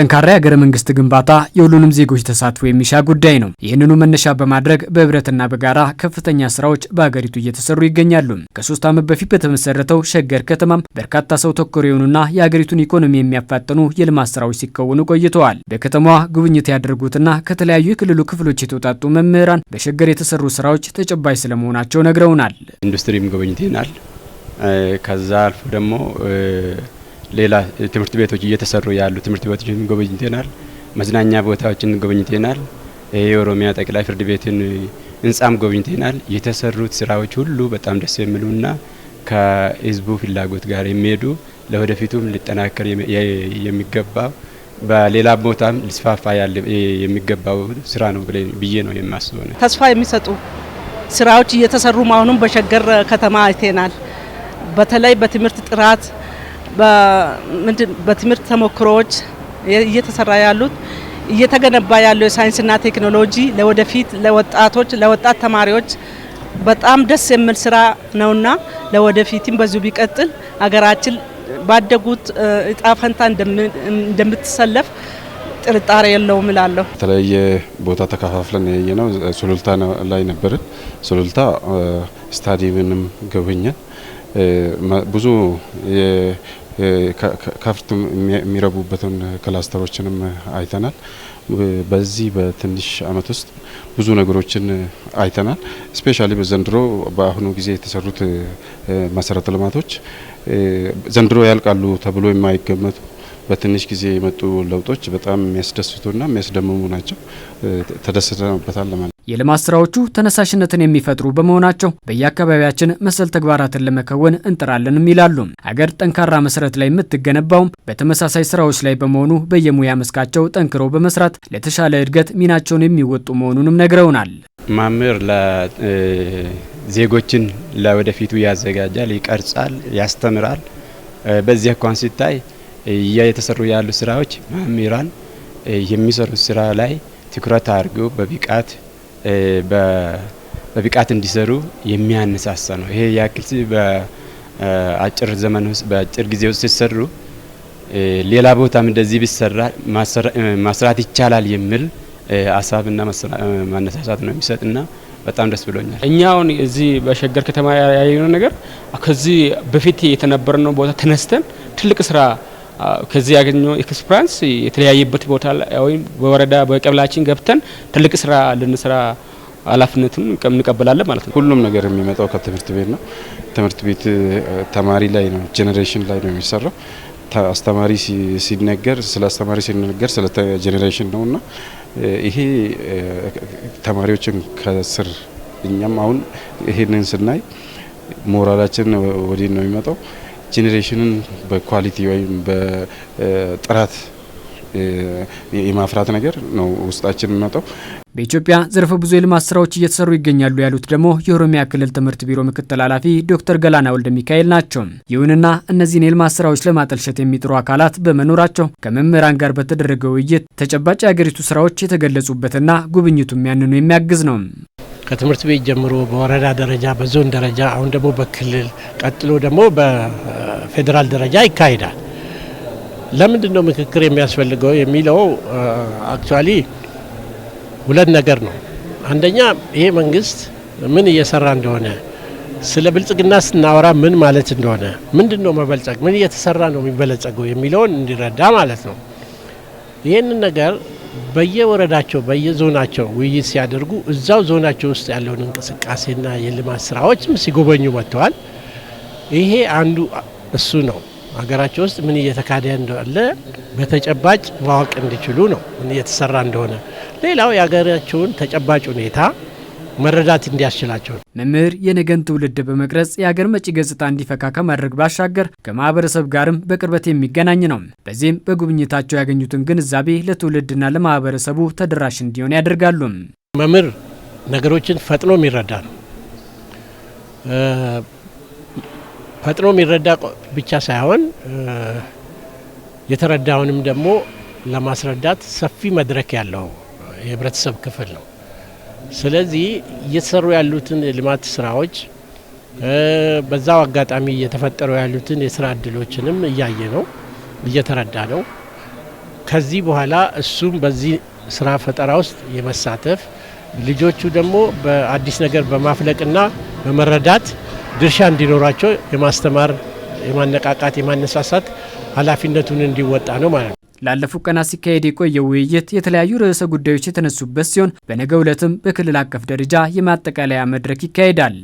ጠንካራ የሀገረ መንግስት ግንባታ የሁሉንም ዜጎች ተሳትፎ የሚሻ ጉዳይ ነው። ይህንኑ መነሻ በማድረግ በህብረትና በጋራ ከፍተኛ ስራዎች በሀገሪቱ እየተሰሩ ይገኛሉ። ከሶስት ዓመት በፊት በተመሰረተው ሸገር ከተማም በርካታ ሰው ተኮር የሆኑና የሀገሪቱን ኢኮኖሚ የሚያፋጥኑ የልማት ስራዎች ሲከወኑ ቆይተዋል። በከተማዋ ጉብኝት ያደርጉትና ከተለያዩ የክልሉ ክፍሎች የተውጣጡ መምህራን በሸገር የተሰሩ ስራዎች ተጨባጭ ስለመሆናቸው ነግረውናል። ኢንዱስትሪም ይናል ከዛ አልፎ ደግሞ ሌላ ትምህርት ቤቶች እየተሰሩ ያሉ ትምህርት ቤቶችን ጎብኝተናል። መዝናኛ ቦታዎችን ጎብኝተናል። ይሄ የኦሮሚያ ጠቅላይ ፍርድ ቤትን ህንጻም ጎብኝተናል። የተሰሩት ስራዎች ሁሉ በጣም ደስ የሚሉና ከህዝቡ ፍላጎት ጋር የሚሄዱ ለወደፊቱም ሊጠናከር የሚገባው በሌላ ቦታም ሊስፋፋ የሚገባው ስራ ነው ብዬ ነው የማስበው። ነው ተስፋ የሚሰጡ ስራዎች እየተሰሩ መሆኑን በሸገር ከተማ አይተናል። በተለይ በትምህርት ጥራት በትምህርት ተሞክሮዎች እየተሰራ ያሉት እየተገነባ ያለው የሳይንስና ቴክኖሎጂ ለወደፊት ለወጣቶች ለወጣት ተማሪዎች በጣም ደስ የሚል ስራ ነውና ለወደፊትም በዚሁ ቢቀጥል አገራችን ባደጉት እጣ ፈንታ እንደምትሰለፍ ጥርጣሬ የለውም እላለሁ። የተለያየ ቦታ ተከፋፍለን ያየ ነው። ሱሉልታ ላይ ነበርን። ሱሉልታ ስታዲየምንም ጎበኘን። ብዙ ከፍት የሚረቡበትን ክላስተሮችንም አይተናል። በዚህ በትንሽ አመት ውስጥ ብዙ ነገሮችን አይተናል። ስፔሻሊ በዘንድሮ በአሁኑ ጊዜ የተሰሩት መሰረተ ልማቶች ዘንድሮ ያልቃሉ ተብሎ የማይገመቱ በትንሽ ጊዜ የመጡ ለውጦች በጣም የሚያስደስቱና የሚያስደምሙ ናቸው። ተደስተንበታል ለማለት የልማት ስራዎቹ ተነሳሽነትን የሚፈጥሩ በመሆናቸው በየአካባቢያችን መሰል ተግባራትን ለመከወን እንጥራለንም ይላሉ። አገር ጠንካራ መሰረት ላይ የምትገነባውም በተመሳሳይ ስራዎች ላይ በመሆኑ በየሙያ መስካቸው ጠንክሮ በመስራት ለተሻለ እድገት ሚናቸውን የሚወጡ መሆኑንም ነግረውናል። ማምር ዜጎችን ለወደፊቱ ያዘጋጃል፣ ይቀርጻል፣ ያስተምራል። በዚህ እንኳን ሲታይ የተሰሩ ያሉ ስራዎች መምህራን የሚሰሩ ስራ ላይ ትኩረት አድርገው በብቃት በብቃት እንዲሰሩ የሚያነሳሳ ነው። ይሄ ያክል በአጭር ዘመን ውስጥ በአጭር ጊዜ ውስጥ ሲሰሩ ሌላ ቦታም እንደዚህ ቢሰራ ማስራት ይቻላል የሚል ሀሳብና ማነሳሳት ነው የሚሰጥና በጣም ደስ ብሎኛል። እኛ አሁን እዚህ በሸገር ከተማ ያየነው ነገር ከዚህ በፊት የተነበረነው ቦታ ተነስተን ትልቅ ስራ ከዚህ ያገኘው ኤክስፕራንስ የተለያየበት ቦታ ወይም በወረዳ በቀብላችን ገብተን ትልቅ ስራ ልንስራ ኃላፊነቱን እንቀበላለን ማለት ነው። ሁሉም ነገር የሚመጣው ከትምህርት ቤት ነው። ትምህርት ቤት ተማሪ ላይ ነው፣ ጄኔሬሽን ላይ ነው የሚሰራው። አስተማሪ ሲነገር ስለ አስተማሪ ሲነገር ስለ ጄኔሬሽን ነው እና ይሄ ተማሪዎችን ከስር እኛም አሁን ይሄንን ስናይ ሞራላችን ወዲህ ነው የሚመጣው። ጄኔሬሽንን በኳሊቲ ወይም በጥራት የማፍራት ነገር ነው ውስጣችን የሚመጣው። በኢትዮጵያ ዘርፈ ብዙ የልማት ስራዎች እየተሰሩ ይገኛሉ ያሉት ደግሞ የኦሮሚያ ክልል ትምህርት ቢሮ ምክትል ኃላፊ ዶክተር ገላና ወልደ ሚካኤል ናቸው። ይሁንና እነዚህን የልማት ስራዎች ለማጠልሸት የሚጥሩ አካላት በመኖራቸው ከመምህራን ጋር በተደረገ ውይይት ተጨባጭ የሀገሪቱ ስራዎች የተገለጹበትና ጉብኝቱም ያንኑ የሚያግዝ ነው። ከትምህርት ቤት ጀምሮ በወረዳ ደረጃ፣ በዞን ደረጃ፣ አሁን ደግሞ በክልል ቀጥሎ ደግሞ በፌዴራል ደረጃ ይካሄዳል። ለምንድን ነው ምክክር የሚያስፈልገው የሚለው አክቹዋሊ ሁለት ነገር ነው። አንደኛ ይሄ መንግስት ምን እየሰራ እንደሆነ ስለ ብልጽግና ስናወራ ምን ማለት እንደሆነ ምንድን ነው መበልጸግ፣ ምን እየተሰራ ነው የሚበለጸገው የሚለውን እንዲረዳ ማለት ነው። ይህንን ነገር በየወረዳቸው በየዞናቸው ውይይት ሲያደርጉ እዛው ዞናቸው ውስጥ ያለውን እንቅስቃሴና የልማት ስራዎችም ሲጎበኙ መጥተዋል። ይሄ አንዱ እሱ ነው። ሀገራቸው ውስጥ ምን እየተካሄደ እንዳለ በተጨባጭ ማወቅ እንዲችሉ ነው፣ ምን እየተሰራ እንደሆነ። ሌላው የሀገራቸውን ተጨባጭ ሁኔታ መረዳት እንዲያስችላቸው መምህር የነገን ትውልድ በመቅረጽ የሀገር መጪ ገጽታ እንዲፈካ ከማድረግ ባሻገር ከማህበረሰብ ጋርም በቅርበት የሚገናኝ ነው። በዚህም በጉብኝታቸው ያገኙትን ግንዛቤ ለትውልድና ለማህበረሰቡ ተደራሽ እንዲሆን ያደርጋሉ። መምህር ነገሮችን ፈጥኖ የሚረዳ ነው። ፈጥኖ የሚረዳ ብቻ ሳይሆን የተረዳውንም ደግሞ ለማስረዳት ሰፊ መድረክ ያለው የህብረተሰብ ክፍል ነው። ስለዚህ እየተሰሩ ያሉትን የልማት ስራዎች በዛው አጋጣሚ እየተፈጠሩ ያሉትን የስራ እድሎችንም እያየ ነው እየተረዳ ነው። ከዚህ በኋላ እሱም በዚህ ስራ ፈጠራ ውስጥ የመሳተፍ ልጆቹ ደግሞ በአዲስ ነገር በማፍለቅና በመረዳት ድርሻ እንዲኖራቸው የማስተማር የማነቃቃት፣ የማነሳሳት ኃላፊነቱን እንዲወጣ ነው ማለት ነው። ላለፉት ቀናት ሲካሄድ የቆየው ውይይት የተለያዩ ርዕሰ ጉዳዮች የተነሱበት ሲሆን በነገው ዕለትም በክልል አቀፍ ደረጃ የማጠቃለያ መድረክ ይካሄዳል።